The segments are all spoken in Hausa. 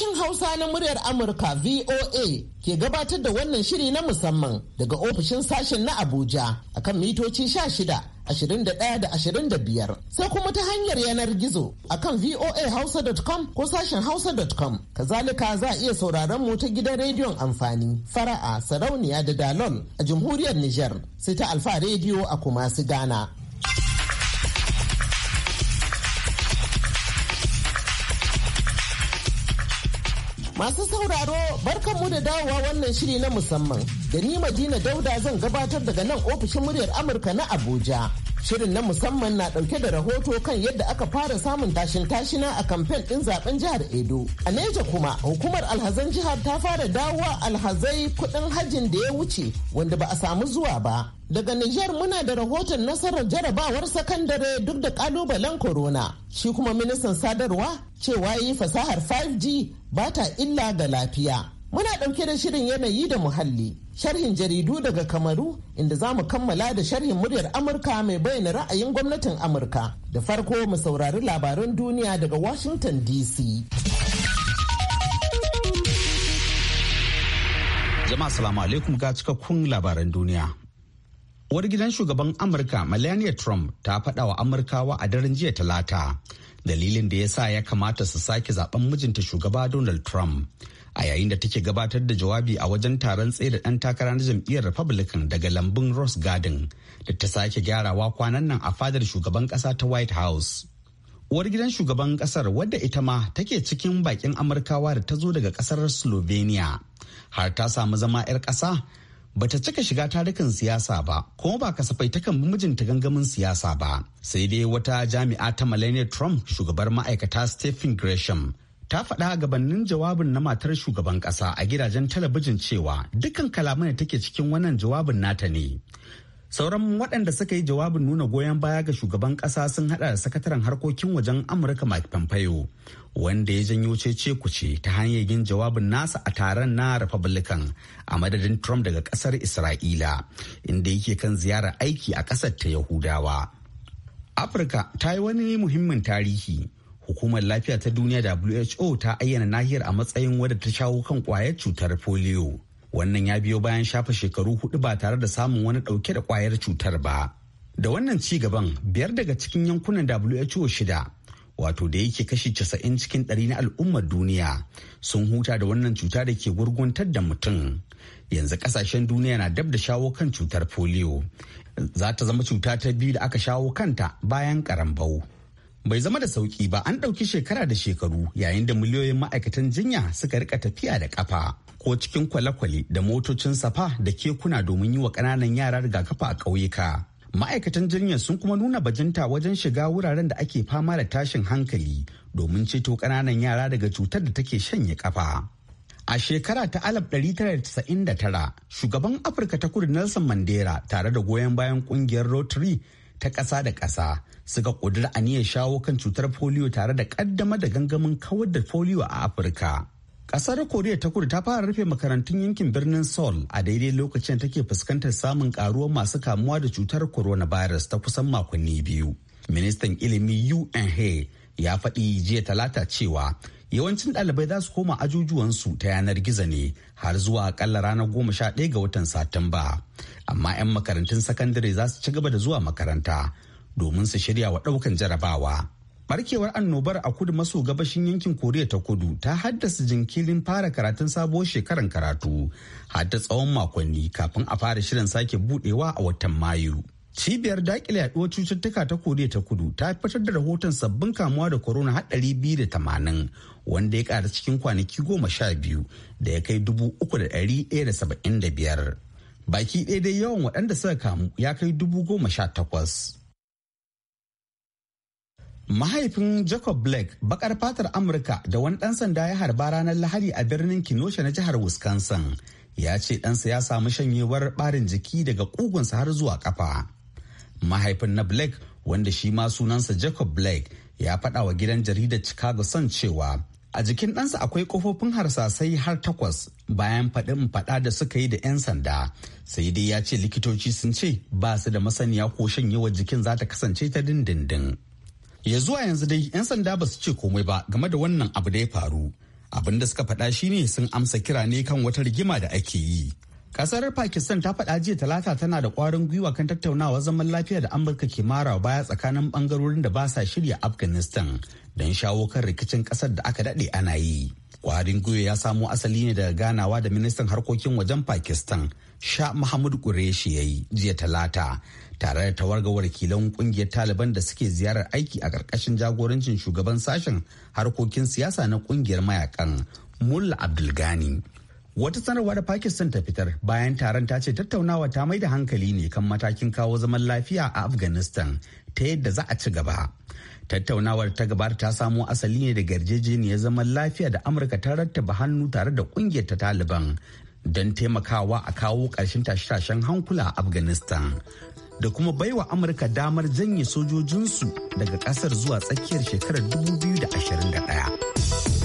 Sashen Hausa na muryar Amurka VOA ke gabatar da wannan shiri na musamman daga ofishin sashen na Abuja akan mitoci 16, 21 da da ashirin biyar sai kuma ta hanyar yanar gizo akan voahausa.com ko sashen hausa.com. Kazalika za a iya sauraron mu ta gidan rediyon amfani fara'a sarauniya da Dalon a jamhuriyar Nijar sai ta alfa rediyo a kumasi gana Masu sauraro barkanmu da dawowa wannan shiri na musamman da ni Madina Dauda zan gabatar daga nan ofishin muryar Amurka na Abuja. Shirin na musamman na ɗauke da rahoto kan yadda aka fara samun tashin tashina a kamfen ɗin zaben jihar Edo. A Neja kuma hukumar alhazan jihar ta fara dawowa alhazai kuɗin hajjin da ya wuce wanda ba a samu zuwa ba. Daga Nijar muna da rahoton nasarar jarabawar sakandare duk da ƙalubalen corona. Shi kuma ministan sadarwa cewa yi fasahar 5G ba ta illa ga lafiya. Muna ɗauke da shirin yanayi da muhalli, sharhin jaridu daga Kamaru inda za mu kammala da sharhin muryar Amurka mai bayyana ra'ayin gwamnatin Amurka. Da farko mu saurari labaran duniya daga Washington DC. Jama'a salamu alaikum ga cikakkun labaran duniya. Uwar gidan shugaban Amurka Melania Trump ta faɗa wa Amurkawa a daren jiya talata. Dalilin da ya sa ya kamata su sake zaben mijinta shugaba Donald Trump. a yayin da take gabatar da jawabi a wajen taron tsaye da ɗan takara na jam'iyyar republican daga lambun ross garden da ta sake gyarawa kwanan nan a fadar shugaban ƙasa ta white house uwar gidan shugaban ƙasar wadda ita ma take cikin bakin amurkawa da ta zo daga ƙasar slovenia har ta samu zama 'yar ƙasa bata cika shiga tarukan siyasa ba kuma ba kasafai takan bi mijinta gangamin siyasa ba sai dai wata jami'a ta Melania Trump shugabar ma'aikata Stephen Gresham ta faɗa a gabanin jawabin na matar shugaban ƙasa a gidajen talabijin cewa dukkan kalaman da take cikin wannan jawabin nata ne. Sauran waɗanda suka yi jawabin nuna goyon baya ga shugaban ƙasa sun haɗa da sakataren harkokin wajen Amurka Mike Pompeo, wanda ya janyo cece ce ta hanyar yin jawabin nasa a taron na Republican a madadin Trump daga ƙasar Isra'ila, inda yake kan ziyarar aiki a ƙasar ta Yahudawa. Afirka ta yi wani muhimmin tarihi. hukumar lafiya ta duniya who ta ayyana nahiyar a matsayin wadda ta shawo kan kwayar cutar polio wannan ya biyo bayan shafa shekaru hudu ba tare da samun wani dauke da kwayar cutar ba da wannan ci gaban biyar daga cikin yankunan who shida wato da yake kashi casa'in cikin ɗari na al'ummar duniya sun huta da wannan cuta da ke gurguntar da mutum yanzu kasashen duniya na dab da shawo kan cutar polio za ta zama cuta ta biyu da aka shawo kanta bayan karambau. bai zama da sauki ba an ɗauki shekara da shekaru yayin da miliyoyin ma'aikatan jinya suka rika tafiya da kafa ko cikin kwale-kwale da motocin safa da kekuna domin yi wa ƙananan yara rigakafi a ƙauyuka ma'aikatan jinya sun kuma nuna bajinta wajen shiga wuraren da ake fama da tashin hankali domin ceto ƙananan yara daga cutar da take shanye kafa a shekara ta 1999 shugaban afirka ta kudu nelson mandela tare da goyon bayan kungiyar rotary ta ƙasa da ƙasa suka ƙudiri aniyar shawo kan cutar foliyo tare da ƙaddamar da gangamin kawar da foliyo a afirka ƙasar koriya ta kudu ta fara rufe makarantun yankin birnin seoul a daidai lokacin take fuskantar samun ƙaruwar masu kamuwa da cutar coronavirus ta kusan makonni biyu ministan ilimi un ya faɗi jiya talata cewa yawancin ɗalibai za su koma ajujuwansu ta yanar gizo ne har zuwa akalla ranar goma sha ɗaya ga watan satumba amma 'yan makarantun sakandare za su ci gaba da zuwa makaranta domin su shirya wa ɗaukan jarabawa barkewar annobar a kudu maso gabashin yankin koriya ta kudu ta haddasa jinkirin fara karatun sabuwar shekaran karatu har tsawon makonni kafin a fara shirin sake budewa a watan mayu cibiyar dakile yaduwar cututtuka ta koriya ta kudu ta fitar da rahoton sabbin kamuwa da corona har tamanin wanda ya ƙara cikin kwanaki goma sha biyu da ya kai dubu uku da ɗari ɗaya da saba'in da biyar baki ɗaya dai yawan waɗanda suka kamu ya kai dubu goma sha takwas mahaifin jacob blake bakar fatar amurka da wani ɗan sanda ya harba ranar lahadi a birnin kinosha na jihar wisconsin ya ce ɗansa ya samu shanyewar ɓarin jiki daga ƙugunsa har zuwa ƙafa mahaifin na blake wanda shi ma sunansa jacob blake ya faɗa wa gidan jaridar chicago sun cewa a jikin ɗansa akwai kofofin harsasai har takwas bayan faɗin faɗa da suka yi da 'yan sanda sai dai ya ce likitoci sun ce ba su da masaniya ko shanyewar jikin za ta kasance ta dindindin ya zuwa yanzu dai 'yan sanda ba su ce komai ba game da wannan abu da ya faru abin da suka faɗa shine sun amsa kira ne kan wata rigima da ake yi Kasar Pakistan ta faɗa jiya talata tana da ƙwarin gwiwa kan tattaunawa zaman lafiya da Amurka ke mara baya tsakanin ɓangarorin da ba sa shirya Afghanistan don shawo kan rikicin ƙasar da aka daɗe ana yi. Ƙwarin gwiwa ya samo asali ne daga ganawa da ministan harkokin wajen Pakistan Sha Muhammadu Qureshi ya yi jiya talata tare da tawarga wakilan ƙungiyar Taliban da suke ziyarar aiki a ƙarƙashin jagorancin shugaban sashen harkokin siyasa na ƙungiyar mayakan Mullah Abdulgani. Wata sanarwa da Pakistan ta fitar bayan taron ta ce tattaunawa ta mai da hankali ne kan matakin kawo zaman lafiya a Afghanistan ta yadda za a ci gaba. Tattaunawar ta gabata ta samo asali ne da yarjejeniyar zaman lafiya da Amurka ta rattaba hannu tare da kungiyar ta Taliban don taimakawa a kawo ƙarshen tashe-tashen hankula a Afghanistan. Da kuma baiwa Amurka damar janye sojojinsu daga ƙasar zuwa tsakiyar shekarar 2021.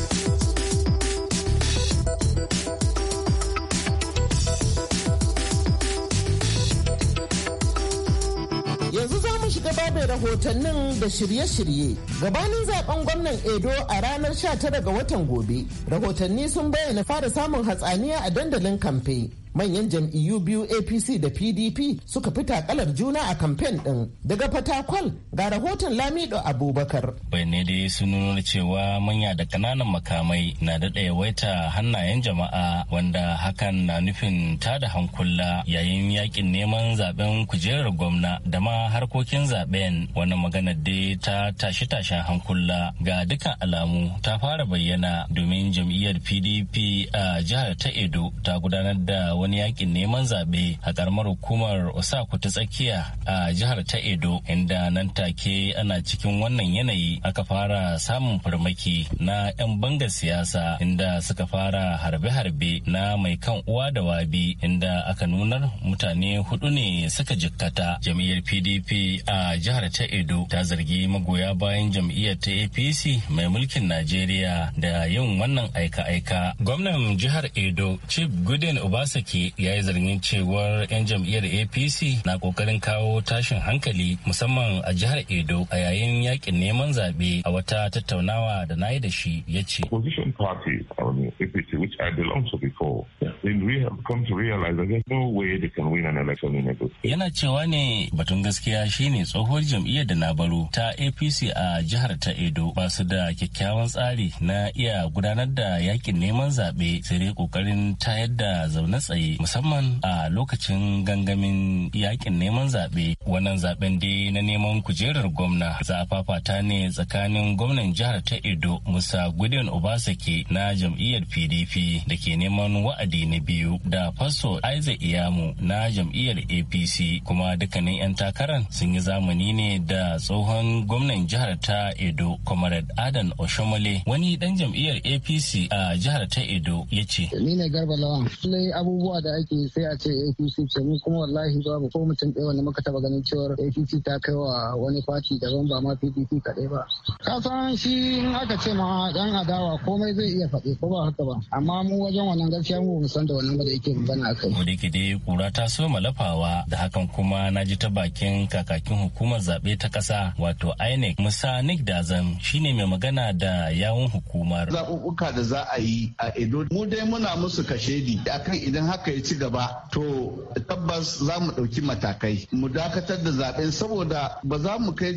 gaba da rahotannin da shirye-shirye. Gabanin zaben gwamnan Edo a ranar 19 ga watan gobe, rahotanni sun bayyana fara samun hatsaniya a dandalin kamfe. manyan jam'iyyu biyu apc da pdp suka fi takalar juna a kamfen din daga fatakwal ga rahoton lamido abubakar bayanai dai su nuna cewa manya da ƙananan makamai na daɗa yawaita hannayen jama'a wanda hakan na nufin ta da hankula yayin yakin neman zaben kujerar gwamna da ma harkokin zaben wannan maganar dai ta tashi tashen hankula ga dukkan alamu ta fara bayyana domin jam'iyyar pdp a jihar ta edo ta gudanar da wani yakin neman zaɓe a karamar hukumar Osaku ta tsakiya a jihar ta Edo inda nan take ana cikin wannan yanayi aka fara samun farmaki na 'yan bangar siyasa inda suka fara harbe-harbe na mai kan uwa da wabi inda aka nunar mutane hudu ne suka jikkata jam'iyyar PDP a jihar ta Edo ta zargi magoya bayan jam'iyyar ta APC mai mulkin Najeriya da yin wannan aika-aika. Gwamnan jihar Edo Chief Gudin Obasaki ciki ya yi zargin cewar 'yan jam'iyyar apc na kokarin kawo tashin hankali musamman a jihar edo a yayin yakin neman zaɓe a wata tattaunawa da na yi da shi ya ce position party apc i belong before Yana cewa ne batun gaskiya shine tsohuwar jam'iyyar da na baro ta APC a jihar ta Edo ba su da kyakkyawan tsari na iya gudanar da yakin neman zaɓe sai dai ƙoƙarin tayar da zaune tsaye musamman a lokacin gangamin yakin neman zaɓe. Wannan zaɓen dai na neman kujerar gwamna Zafafata ne tsakanin gwamnan jihar ta Edo Musa Gudin Obasake na jam'iyyar PDP da ke neman wa'adi ne na biyu da faso Isaac Iyamu na jam'iyyar APC kuma dukkanin 'yan takarar sun yi zamani ne da tsohon gwamnan jihar ta Edo Comrade Adan Oshomole wani dan jam'iyyar APC a jihar ta Edo ya ce. Ni ne Garba Lawan. ne abubuwa da ake sai a ce APC ce mu kuma wallahi babu ko mutum ɗaya wanda muka taba ganin cewar APC ta kai wa wani fati daban ba ma PDP kaɗai ba. kasan shi in aka ce ma dan adawa komai zai iya faɗi ko ba haka ba amma mu wajen wannan gaskiya mu da wannan ba da yake magana akai kai. da yake dai kura ta so malafawa da hakan kuma na ji ta bakin kakakin hukumar zaɓe ta ƙasa wato INEC Musa Nick Dazan shine mai magana da yawun hukumar zaɓuɓɓuka da za a yi a Edo mu dai muna musu kashedi akan idan haka ya ci gaba to tabbas za mu ɗauki matakai mu dakatar da zaɓen saboda ba za mu kai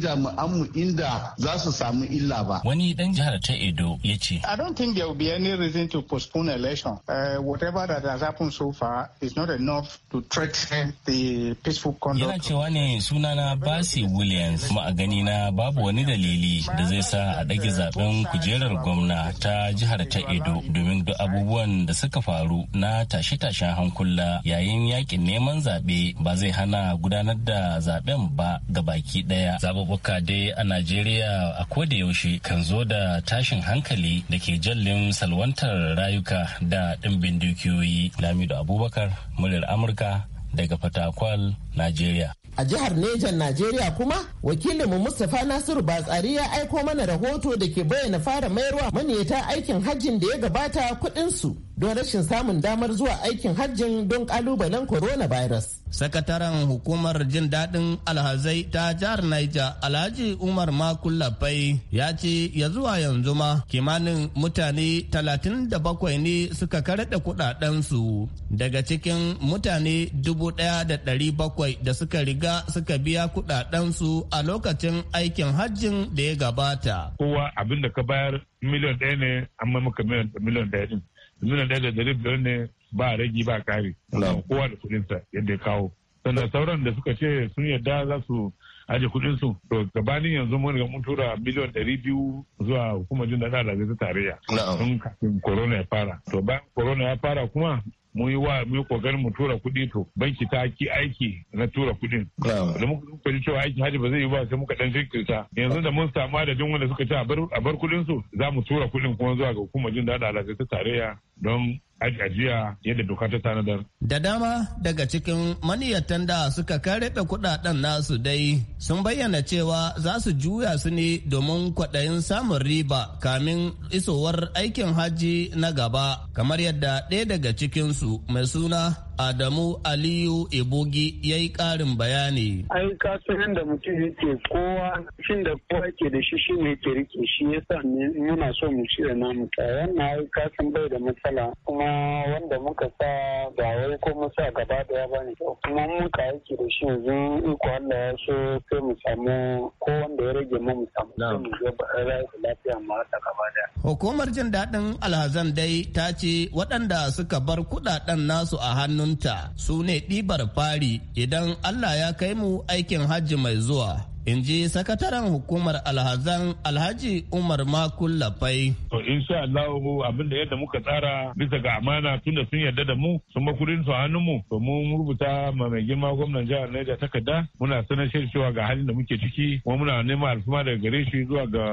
mu inda za su samu illa ba. Wani dan jihar ta Edo ya ce. I don't think there will be any reason to postpone election. Uh, whatever that has happened to threaten the peaceful Yana cewa ne sunana Basi Williams kuma a gani na babu wani dalili da zai sa a ɗage zaben kujerar gwamna ta jihar ta Edo domin duk abubuwan da suka faru na tashe-tashen hankula yayin yakin neman zaɓe ba zai hana gudanar da zaben ba ga baki ɗaya. Zaɓuɓɓuka dai a Najeriya a koda yaushe kan zo da tashin hankali da ke jallin salwantar rayuka da ɗimbin dukiyoyi. tambayoyi lamido abubakar muryar amurka daga fatakwal Najeriya. a jihar Nejan Najeriya kuma wakilinmu Mustapha Nasiru Batsari ya aiko mana rahoto da ke bayyana fara mayarwa maniyata aikin hajjin da ya gabata kuɗinsu. don rashin samun damar zuwa aikin hajjin don kalubalen coronavirus. Sakataren hukumar jin daɗin alhazai ta jihar Niger Alhaji Umar Makullafai ya ce ya zuwa yanzu ma kimanin mutane 37 ne suka karaɗe kuɗaɗensu daga cikin mutane 1,700 da suka riga suka biya kuɗaɗensu a lokacin aikin hajjin da ya gabata. Kowa abin da ka bayar miliyan ɗaya ne an maka miliyan ɗaya din. nuna da dari biyar ne ba ragi ba kare kowa da sa yadda ya kawo sannan sauran da suka ce sun yadda za su aje kuɗin su to gabanin yanzu mun ga mun tura miliyan 200 biyu zuwa hukumar jin daɗa da ta tarayya tun kafin corona ya fara to bayan corona ya fara kuma mun yi wa mun kokarin mu tura kuɗi to banki ta ki aiki na tura kudin Da muka ji cewa aiki haji ba zai yi ba sai muka dan jinkirta. Yanzu da mun samu adadin wanda suka ce a bar kuɗin su za mu tura kuɗin kuma zuwa ga hukumar jin da da ta tarayya don ajiya yadda doka ta tanadar. Da dama daga cikin maniyatan da suka karebe kudaden nasu dai sun bayyana cewa za su juya su ne domin kwaɗayin samun riba kamin isowar aikin hajji na gaba kamar yadda ɗaya daga cikinsu mai suna Adamu Aliyu Ibogi ya yi ƙarin bayani. Ai kasuwan da mutum yake kowa shin da kowa ke da shi shi ne ke rike shi yasa muna so mu da namu ta wannan ai kasan bai da matsala kuma wanda muka sa ba wai ko mu gaba da bani ne kuma muka yake da shi yanzu iko Allah ya so sai mu samu ko wanda ya rage mu mu samu lafiya mu haka gaba da. Hukumar jin daɗin alhazan dai ta ce waɗanda suka bar kuɗaɗen nasu a hannun ta su ne ɗibar fari idan Allah ya kai mu aikin hajji mai zuwa. in ji sakataren hukumar alhazan alhaji umar makul lafai. to insha Allah abinda yadda muka tsara bisa ga amana tun da sun yarda da mu sun makurin su hannun mu to mu rubuta ma mai girma gwamnan jihar Niger takarda muna sanar cewa ga halin da muke ciki kuma muna neman alfuma daga gare shi zuwa ga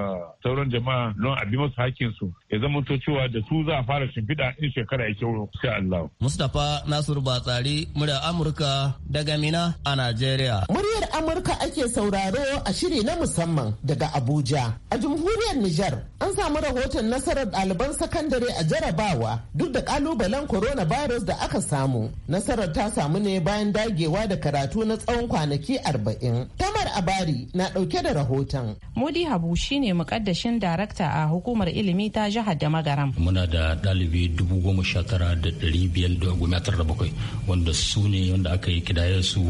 sauran jama'a don a bi masu hakkin su ya zama to cewa da su za a fara shimfiɗa in shekara ya kyauro insha Allah. Mustapha Nasiru Batsari murya Amurka daga Mina a Najeriya. Muryar Amurka ake sauraro a shiri na musamman daga Abuja. A jamhuriyar Nijar an samu rahoton nasarar ɗaliban sakandare a jarabawa duk da ƙalubalen corona virus da aka samu. Nasarar ta samu ne bayan dagewa da karatu na tsawon kwanaki arba'in. Tamar Abari na ɗauke da rahoton. Mudi Habu shine mukaddashin darakta a hukumar ilimi ta jihar da Magaram. Muna da ɗalibi dubu goma sha tara da ɗari biyar da goma tara da bakwai wanda su ne wanda aka yi kidayar su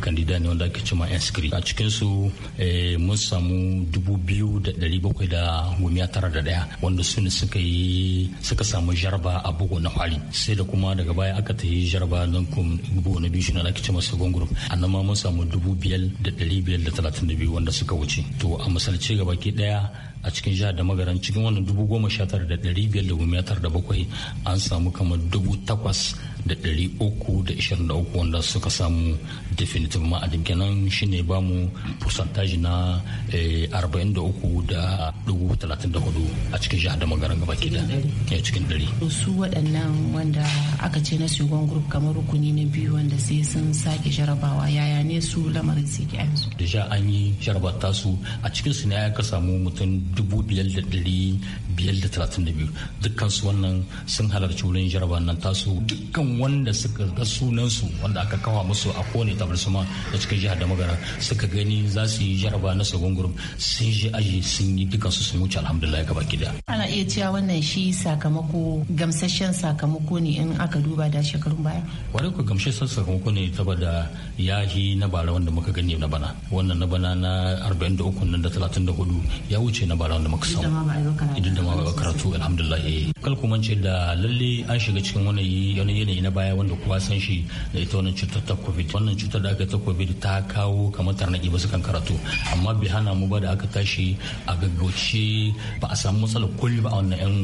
kandida ne wanda aka cima inscrit a cikinsu. Eh, mun samu dubu biyu da dari bakwai da gumiya tara da daya wanda su ne suka yi suka samu jarba a bugu na hali. sai da kuma daga baya aka ta yi jarba don kun bugu na biyu shine na ake cewa masa gongurum a nan ma mun samu dubu biyar da dari biyar da talatin da biyu wanda suka wuce to a misalce ke daya a cikin jihar da magaran cikin wannan dubu goma sha tara da dari biyar da gumiya tara da bakwai an samu kamar dubu takwas da ɗari uku da ishirin da uku wanda suka samu definitive ma'adin kenan shine ba mu percentage na eh, arba'in da uku da dubu talatin da hudu a cikin jihar da magaran gaba ke da cikin ɗari. Eh, su waɗannan wanda aka ce na shugon group kamar rukuni na biyu wanda sai sun sake jarabawa yaya ne su lamarin su ke yanzu. da an yi ta su a cikin su ne aka samu mutum dubu biyar da ɗari biyar da talatin da biyu dukkan su wannan sun halarci wurin jaraba nan tasu dukkan wanda suka ga sunansu wanda aka kawa musu a kowane tabarsuma da suka jihar da magara suka gani za su yi jaraba na sabon gurum sun je aji sun yi duka su sun wuce alhamdulillah gaba gida. ana iya cewa wannan shi sakamako gamsashen sakamako ne in aka duba da shekarun baya. wani ku gamsasshen sakamako ne saboda yahi na bara wanda muka gani na bana wannan na bana na 43 nan da 34 ya wuce na bara wanda muka samu. idan da ma karatu alhamdulillah. Eh. kalkumance da lalle an shiga cikin wani yanayi na baya wanda kowa san shi da ita wannan cutar ta covid wannan cutar da aka ta covid ta kawo kamar tarnaki ba basu kan karatu amma bai hana mu ba da aka tashi a gaggauce ba a samu matsalar kulli ba a wannan yan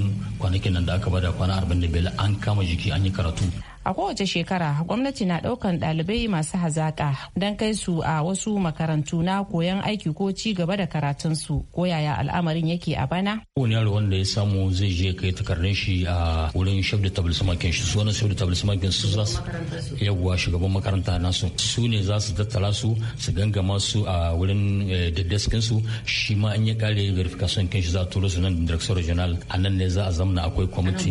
kwanakin nan da aka bada kwana 45 an kama jiki an yi karatu a kowace shekara gwamnati na ɗaukan ɗalibai masu hazaƙa don kai su a wasu makarantu na koyon aiki ko ci gaba da karatunsu ko yaya al'amarin yake a bana. Kowane yaro wanda ya samu zai je kai takardun shi a wurin shaf da tabbalismakin shi su wani shaf da tabbalismakin su za su yawwa shugaban makaranta nasu su ne za su tattala su su gangama su a wurin eh, daddaskin su shi ma an ya kare verification kin shi za a turo su nan director regional a nan ne za a zamna akwai kwamiti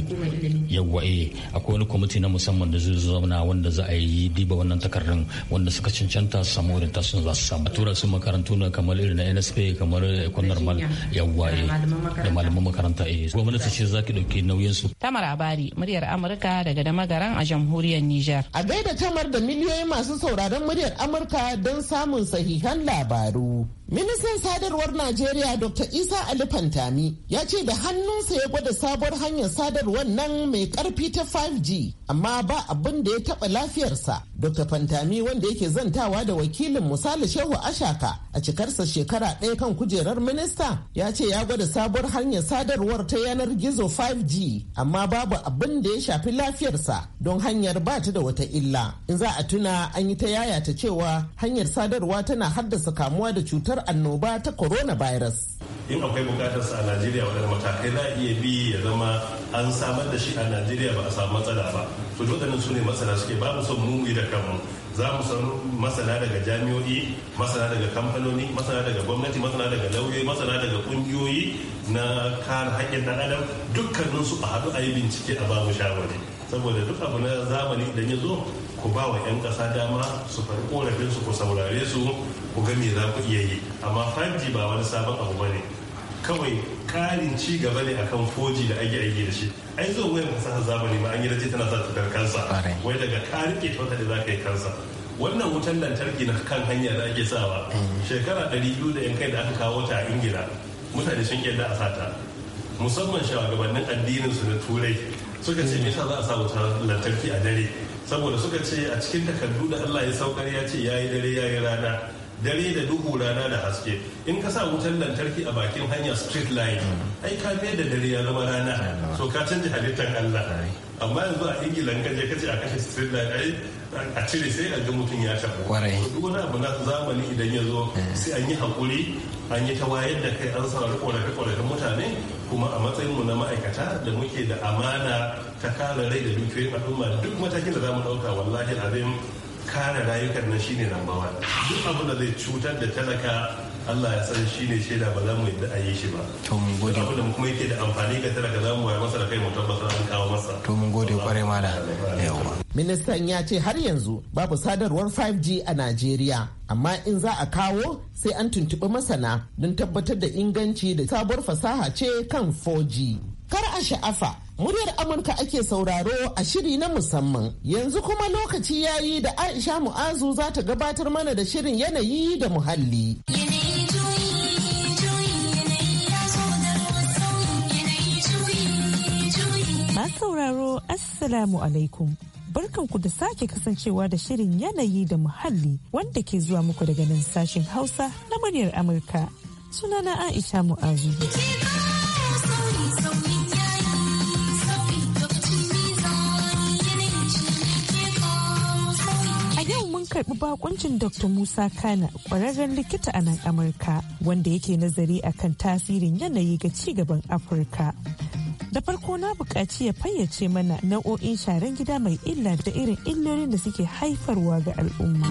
yawwa eh akwai wani kwamiti na musamman wanda zai zauna wanda za a yi diba wannan takardun wanda suka cancanta su samu tasirin za su samu tura su makarantu na kamar irin na nsp kamar ekon normal yawaye eh, da malaman makaranta eh. gwamnati ce za ki dauki nauyin su tamar abari muryar amurka daga dama damagaran a jamhuriyar niger a gaida tamar da miliyoyin masu sauraron muryar amurka don samun sahihan labaru Ministan sadarwar Najeriya Dr. Isa Ali Fantami ya ce da hannunsa ya gwada sabuwar hanyar sadarwar nan mai karfi ta 5G amma ba abin da ya taɓa lafiyarsa. Dr. Fantami wanda yake zantawa da wakilin misali Shehu Ashaka a cikarsa shekara ɗaya kan kujerar minista ya ce ya gwada sabuwar hanyar sadarwar ta yanar gizo 5G amma babu abin da ya shafi lafiyarsa don hanyar ba ta da wata illa. In za a tuna an yi ta yayata cewa hanyar sadarwa tana haddasa kamuwa da cutar yaduwar annoba ta coronavirus. in akwai bukatar a najeriya wadanda matakai na iya bi ya zama an samar da shi a najeriya ba a samu matsala ba to waɗannan su ne masana suke ba mu son mumi da kanmu za mu san masana daga jami'o'i masana daga kamfanoni masana daga gwamnati masana daga lauyoyi masana daga kungiyoyi na kare haƙƙin ɗan adam dukkanin su a haɗu a yi bincike a ba mu shawari saboda duk abu na zamani da ya zo ku ba wa 'yan ƙasa dama su faɗi korafin su ku saurare su ku ga me za ku iya yi amma 5 ba wani sabon abu ba ne kawai karin ci gaba ne akan foji da ake aiki da shi ai zo wayan fasaha zamani ma an yi raje tana sa tukar kansa wai daga karin ke tota da zaka yi kansa wannan wutan lantarki na kan hanya da ake sawa mm. shekara biyu da yan kai da aka kawo ta a ingila mutane sun yarda a sata musamman shugabannin addinin su na turai suka ce me yasa za a sa wutar lantarki a dare saboda suka ce a cikin takardu da Allah ya saukar ya ce yayi dare yayi rana dare da duhu rana da haske in ka sa wutar lantarki a bakin hanya street line ai ka da dare ya zama rana so ka canji halittar Allah amma yanzu a ingila in ka ce a kashe street line ai a cire sai a ga mutum ya kwarai duk wani abu na zamani idan ya zo sai an yi hakuri an yi ta wayar da kai an samu kwarafe-kwarafe mutane kuma a matsayin mu na ma'aikata da muke da amana ta kare rai da dukiyoyin al'umma duk matakin da za mu ɗauka wallahi azim kare rayukan nan shine number one duk abin da zai cutar da talaka Allah ya san shine shaida ba za mu yadda a yi shi ba to mun gode abin da kuma yake da amfani ga talaka za mu wayar masa da kai mu tabbatar an kawo masa to mun gode kware mala yawa ministan ya ce har yanzu babu sadarwar 5G a Najeriya amma in za a kawo sai an tuntuɓi masana don tabbatar da inganci da sabuwar fasaha ce kan 4G kar a sha'afa Muryar Amurka ake sauraro a shiri na musamman. Yanzu kuma lokaci ya yi da Aisha Mu'azu za ta gabatar mana da shirin yanayi da muhalli. sauraro Assalamu alaikum. Barkanku da sake kasancewa da shirin yanayi da muhalli wanda ke zuwa muku daga nan sashen Hausa na muryar Amurka. Sunana Aisha Mu'azu. karbi bakuncin Dr. Musa Kana, ƙwararren likita a nan Amurka, wanda yake nazari a kan tasirin yanayi ga ci gaban Afirka. Da farko na buƙaci ya fayyace mana nau'o'in sharan gida mai illa da irin illolin da suke haifarwa ga al'umma.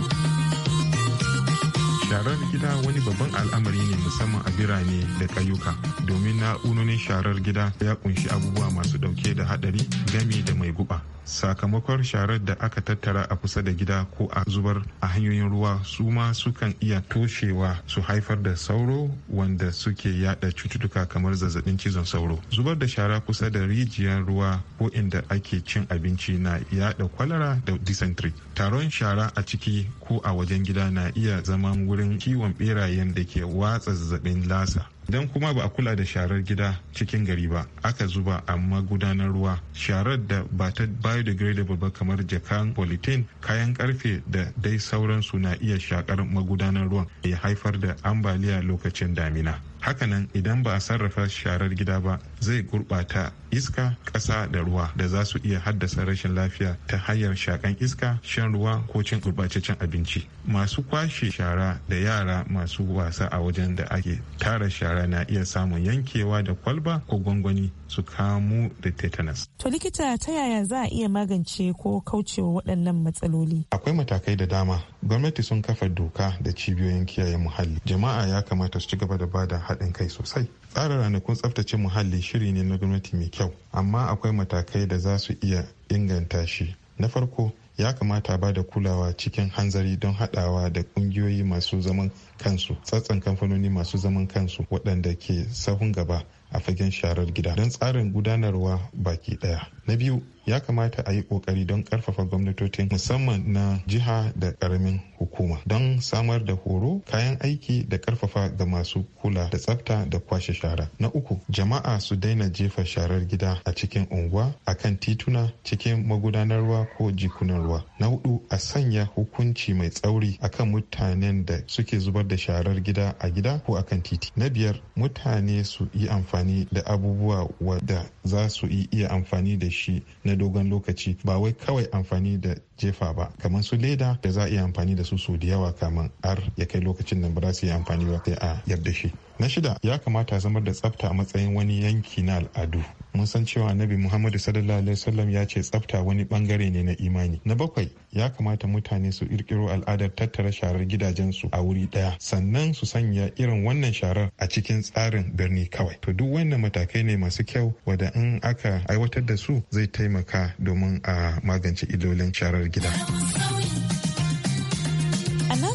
Sharar gida wani babban al'amari ne musamman a birane da ƙauyuka domin na'unonin sharar gida ya kunshi abubuwa masu ɗauke da haɗari gami da mai guba. sakamakon sharar da aka tattara a kusa da gida ko a zubar a hanyoyin ruwa su ma sukan iya toshewa su haifar da sauro wanda suke yada cututtuka kamar zazzabin cizon sauro zubar da shara kusa da rijiyar ruwa ko inda ake cin abinci na yada kwalara da dysentery taron shara a ciki ko a wajen gida na iya zama wurin kiwon berayen da ke watsa zazzabin lasa don kuma ba a kula da sharar gida cikin gari ba aka zuba a magudanar ruwa sharar da ba ta biodegradable ba kamar jakan polythene kayan karfe da dai sauransu na iya shakar magudanar ruwan ya haifar da ambaliya lokacin damina hakanan idan ba a sarrafa sharar gida ba zai gurɓata iska ƙasa da ruwa da za su iya haddasa rashin lafiya ta hanyar shakan iska shan ruwa ko cin gurɓataccen abinci masu kwashe shara da yara masu wasa a wajen da ake tara shara na iya samun yankewa da kwalba ko gwangwani su kamu da tetanus to likita ta yaya za a iya magance ko kaucewa waɗannan matsaloli akwai matakai da dama gwamnati sun kafa doka da cibiyoyin kiyaye muhalli jama'a ya kamata su ci gaba da bada haɗin kai sosai tsara ranakun tsaftace muhalli shiri ne na gwamnati mai kyau amma akwai matakai da za su iya inganta shi na farko ya kamata ba da kulawa cikin hanzari don haɗawa da ƙungiyoyi masu zaman kansu tsatsan kamfanoni masu zaman kansu waɗanda ke sahun gaba a fagen sharar gida don tsarin gudanarwa baki ɗaya na biyu ya kamata a yi kokari don karfafa gwamnatocin musamman na jiha da karamin hukuma don samar da horo kayan aiki da karfafa ga masu kula da tsafta da kwashe shara na uku jama'a su daina jefa sharar gida a cikin unguwa a kan tituna cikin magudanar ruwa ko jikunan ruwa na hudu a sanya hukunci mai tsauri akan mutanen da suke zubar da sharar gida a gida ko akan titi na biyar mutane su yi amfani da abubuwa wadda za su iya amfani da shi shi na dogon lokaci ba wai kawai amfani da jefa ba kamar su leda da za a iya amfani da su sau da yawa kamar har ya kai lokacin nan ba za su yi amfani ba sai a yarda shi na shida ya kamata a zamar da tsafta a matsayin wani yanki na al'adu mun san cewa nabi muhammadu sallallahu alaihi wasallam ya ce tsafta wani bangare ne na imani na bakwai ya kamata mutane su kirkiro al'adar tattara sharar gidajensu a wuri daya sannan su sanya irin wannan sharar a cikin tsarin birni kawai to duk wannan matakai ne masu kyau wada in aka aiwatar da su zai taimaka domin a magance ilolin sharar gida.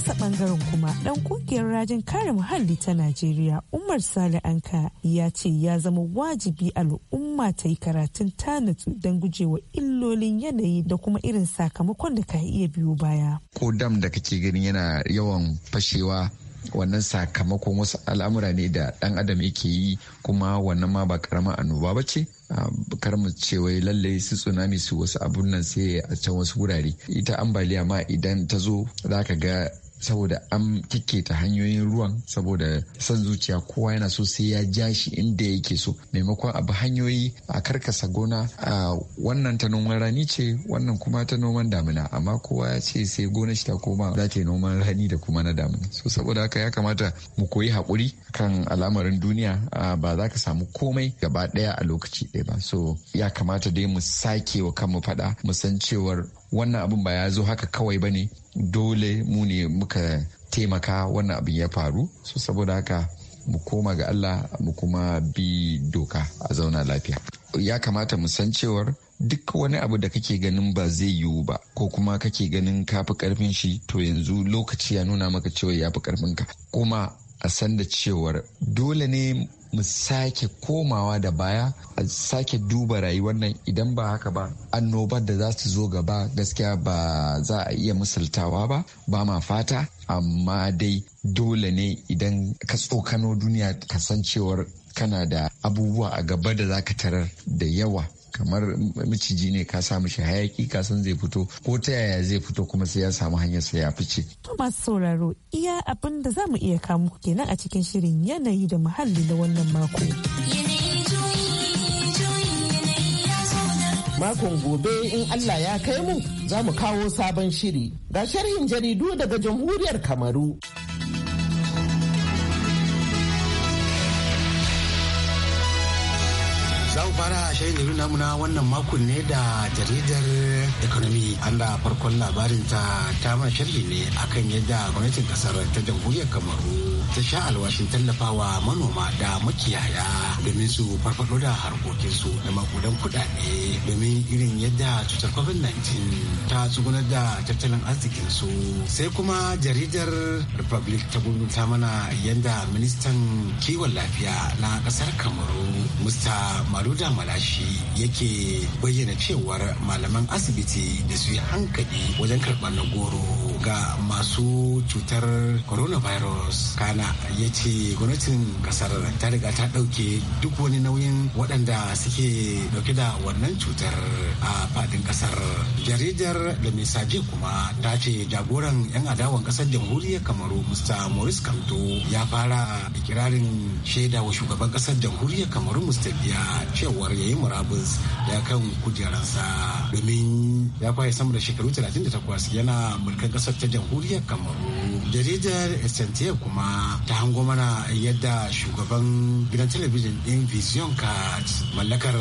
nasa bangaren kuma dan kungiyar rajin kare muhalli ta Najeriya Umar Sale Anka ya ce ya zama wajibi al'umma ta yi karatun tanatu don gujewa illolin yanayi da kuma irin sakamakon da ka iya biyo baya. Ko dam da kake gani yana yawan fashewa wannan sakamakon wasu al'amura ne da dan adam yake yi kuma wannan ma ba karama annoba ba ce kar mu ce wai lalle su tsunami su wasu abun nan sai a can wasu wurare ita ambaliya ma idan ta zo za ka ga saboda an ta hanyoyin ruwan saboda son zuciya kowa yana so sai ya ja shi inda yake so maimakon abu hanyoyi a karkasa gona a wannan ta noman rani ce wannan kuma ta noman damina amma kowa ya ce sai gona shi ta koma za ta noman rani da kuma na damina so saboda haka ya kamata mu koyi haƙuri kan al'amarin duniya ba za ka samu komai gaba ɗaya a lokaci ɗaya ba so ya kamata dai mu sake wa kanmu faɗa mu san cewar wannan abin ba ya zo haka kawai ba ne dole mu ne muka taimaka wannan abin ya faru so saboda haka mu koma ga Allah mu kuma bi doka a zauna lafiya ya kamata mu san cewar duk wani abu da kake ganin ba zai yiwu ba ko kuma kake ganin kafi karfin shi to yanzu lokaci ya nuna maka cewa ya fi karfin ka kuma a san da cewar dole ne mu sake komawa da baya a sake duba rayuwar nan idan ba haka ba annobar da za su zo gaba gaskiya ba za a iya misaltawa ba ba ma fata amma dai dole ne idan ka tsokano duniya kasancewar kana da abubuwa a gaba da za ka tarar da yawa kamar miciji ne ka sa mishi hayaki ka san zai fito ko ta yaya zai fito kuma sai ya samu hanyar sa ya fice. To masu sauraro iya abin da za mu iya kamu kenan a cikin shirin yanayi da muhalli na wannan mako. Makon gobe in Allah ya kai mu za mu kawo sabon shiri ga sharhin jaridu daga jamhuriyar Kamaru. fara shirin da namu na wannan makon ne da jaridar economy an da farkon labarin ta ta man sharhi ne akan yadda gwamnatin kasar ta jamhuriyar kamaru ta sha alwashin tallafawa manoma da makiyaya domin su farfado da harkokinsu da makudan kudade domin irin yadda cutar covid-19 ta tsugunar da tattalin arzikin su sai kuma jaridar republic ta ta mana yadda ministan kiwon lafiya na kasar kamaru mr maluda kammala shi yake bayyana cewar malaman asibiti da su yi hankali wajen karɓar na goro ga masu cutar coronavirus kana ya ce gwamnatin kasar ta riga ta ɗauke duk wani nauyin waɗanda suke ɗauke da wannan cutar a faɗin ƙasar, jaridar da misaje kuma ta ce jagoran 'yan adawan kasar jamhuriyar kamaru mr maurice kamto ya fara ikirarin shaida wa shugaban kasar jamhuriyar kamaru mr biya cewar yayi murabus da kan kujerarsa domin Sani ya kwaye sama da shekaru 38 yana mulkan kasar ta jamhuriyar Kamaru. Jaridar Estantia kuma ta hango mana yadda shugaban gidan talabijin ɗin Vision Card mallakar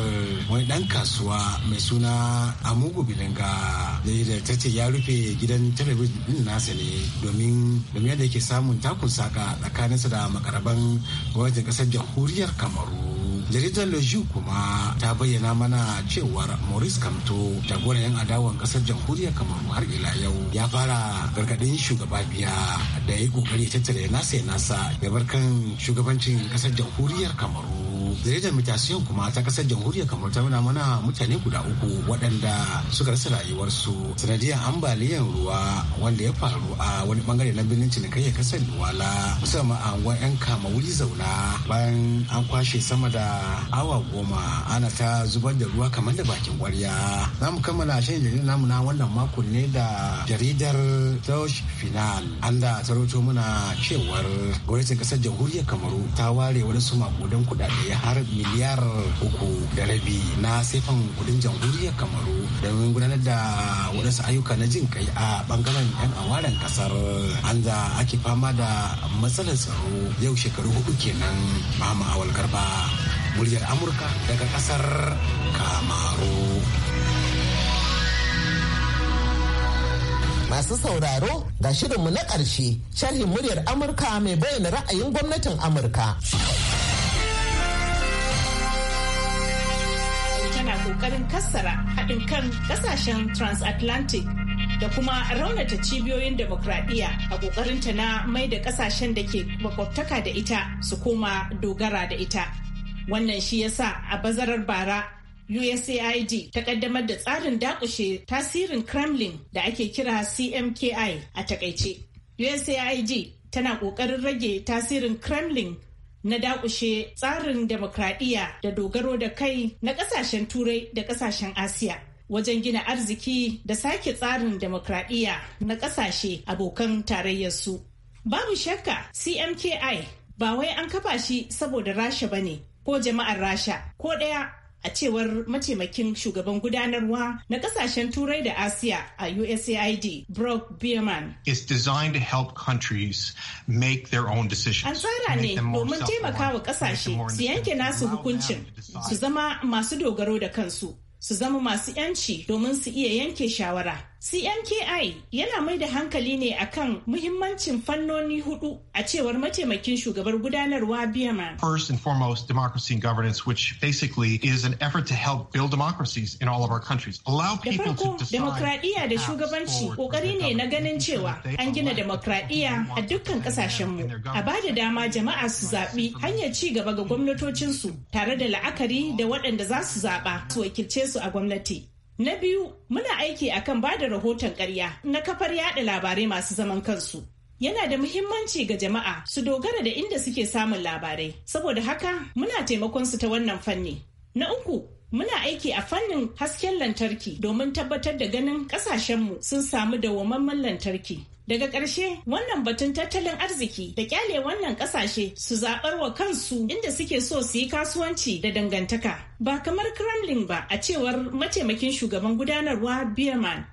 wani ɗan kasuwa mai suna Amugu Bilinga. Jaridar ta ce ya rufe gidan talabijin ɗin nasa ne domin domin yadda yake samun takun saka tsakaninsa da makaraban gwamnatin kasar jamhuriyar Kamaru. jaridar leju kuma ta bayyana mana cewar maurice kamto jagoran yan adawan kasar jamhuriyar kamaru har ila yau ya fara gargadin shugaba biya da ya kokari tattare nasa ya nasa ya bar kan shugabancin kasar jamhuriyar kamaru jaridar mutation kuma ta kasar jamhuriyar kamar ta nuna mana mutane guda uku waɗanda suka rasa rayuwarsu sanadiyar ambaliyar ruwa wanda ya faru a wani bangare na birnin cinikayya kasar duwala musamman a anguwar yan kama wuri zauna bayan an kwashe sama da awa goma ana ta zubar da ruwa kamar da bakin kwarya za mu kammala shan jaridar namu na wannan makon ne da jaridar Dosh Final an da ta roto mana cewar gwamnatin kasar jamhuriyar kamaru ta ware wani su makudan ya har miliyar uku da rabi na sefan kudin jamhuriyar kamaru domin gudanar da waɗansu ayyuka na jin kai a bangaren 'yan awaren kasar an da ake fama da matsalar tsaro yau shekaru hudu kenan mama awal garba muryar amurka daga kasar kamaru masu sauraro ga shirinmu na ƙarshe sharhin muryar amurka mai bayyana ra'ayin gwamnatin amurka kokarin kassara haɗin kan ƙasashen transatlantic da kuma raunata cibiyoyin demokradiyya a ƙoƙarinta na mai da ƙasashen da ke makwabtaka da ita su koma dogara da ita. Wannan shi yasa a bazarar bara USAID ta ƙaddamar da tsarin dakushe tasirin Kremlin da ake kira CMKI a takaice. USAID tana ƙoƙarin rage tasirin Kremlin na dakushe tsarin demokradiyya da dogaro da kai na kasashen turai da kasashen asiya wajen gina arziki da sake tsarin demokradiyya na kasashe abokan tarayyarsu babu shakka cmki ba wai an kafa shi saboda rasha ba ne ko jama'ar rasha ko ɗaya a cewar mataimakin shugaban gudanarwa na kasashen turai da asiya a usaid brock bierman is designed to help countries make their own decisions an tsara ne domin taimaka wa kasashe su yanke nasu hukuncin su zama masu dogaro da kansu su zama masu yanci domin su iya yanke shawara CNKI yana mai da hankali ne akan muhimmancin fannoni hudu a cewar mataimakin shugabar gudanarwa Biyama. First and foremost, democracy and governance, which basically is an effort to help build democracies in all of our countries. Allow people to decide. Demokradiyya da shugabanci kokari ne na ganin cewa an gina demokradiyya a dukkan kasashenmu. A ba da dama jama'a su zaɓi hanyar ci gaba ga gwamnatocinsu tare da la'akari da waɗanda za su zaɓa su wakilce su a gwamnati. Na biyu, muna aiki akan ba da rahoton ƙarya na kafar yada labarai masu zaman kansu. Yana da muhimmanci ga jama'a su dogara da inda suke samun labarai, saboda haka muna taimakon su ta wannan fanni. Na uku, Muna aiki a fannin hasken lantarki domin tabbatar da ganin ƙasashenmu sun samu dawwamammen lantarki. Daga ƙarshe wannan batun tattalin arziki da kyale wannan ƙasashe su zaɓar wa kansu inda suke so su yi kasuwanci da dangantaka. Ba kamar Kremlin ba a cewar mataimakin shugaban gudanarwa Bierman.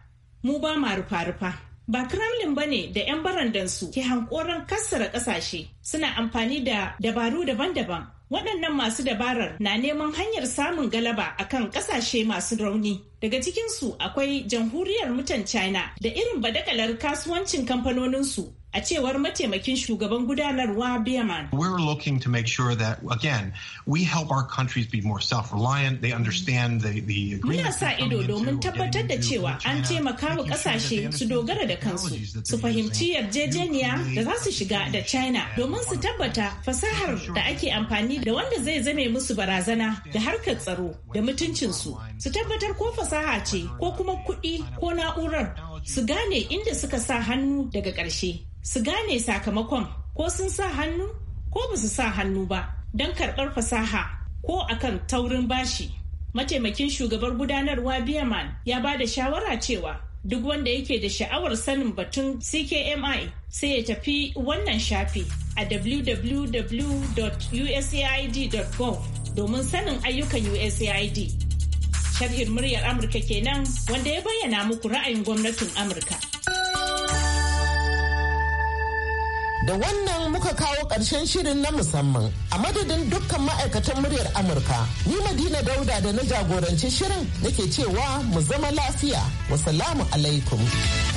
Mu ba ma rufa-rufa. Ba Kremlin ba ne da 'yan barandansu ke hankoron kassara ƙasashe suna amfani da dabaru daban-daban waɗannan masu dabarar na neman hanyar samun galaba akan ƙasashe masu rauni daga cikinsu akwai jamhuriyar mutan china da irin badakalar kasuwancin kamfanoninsu a cewar mataimakin shugaban gudanarwa We We're looking to make sure that again we help our countries be more self-reliant. They understand the the Muna sa ido domin tabbatar da cewa an taimaka wa kasashe su dogara da kansu su fahimci yarjejeniya da za su shiga da China domin su tabbata fasahar da ake amfani da wanda zai zame musu barazana da harkar tsaro da mutuncinsu su tabbatar ko fasaha ce ko kuma kuɗi ko na'urar su gane inda suka sa hannu daga ƙarshe. su gane sakamakon ko sun sa hannu ko ba su sa hannu ba don karɓar fasaha ko akan taurin bashi. Mataimakin shugabar gudanarwa Biyaman ya ba da shawara cewa duk wanda yake da sha'awar sanin batun CKMI sai ya tafi wannan shafi a www.usaid.gov domin sanin ayyukan USAID. Sharhin muryar Amurka kenan wanda ya bayyana muku ra'ayin gwamnatin Amurka. Da wannan muka kawo ƙarshen shirin na musamman a madadin dukkan ma'aikatan muryar Amurka. Ni Madina Dauda da na jagoranci shirin nake cewa mu zama lafiya. Wasalamu alaikum.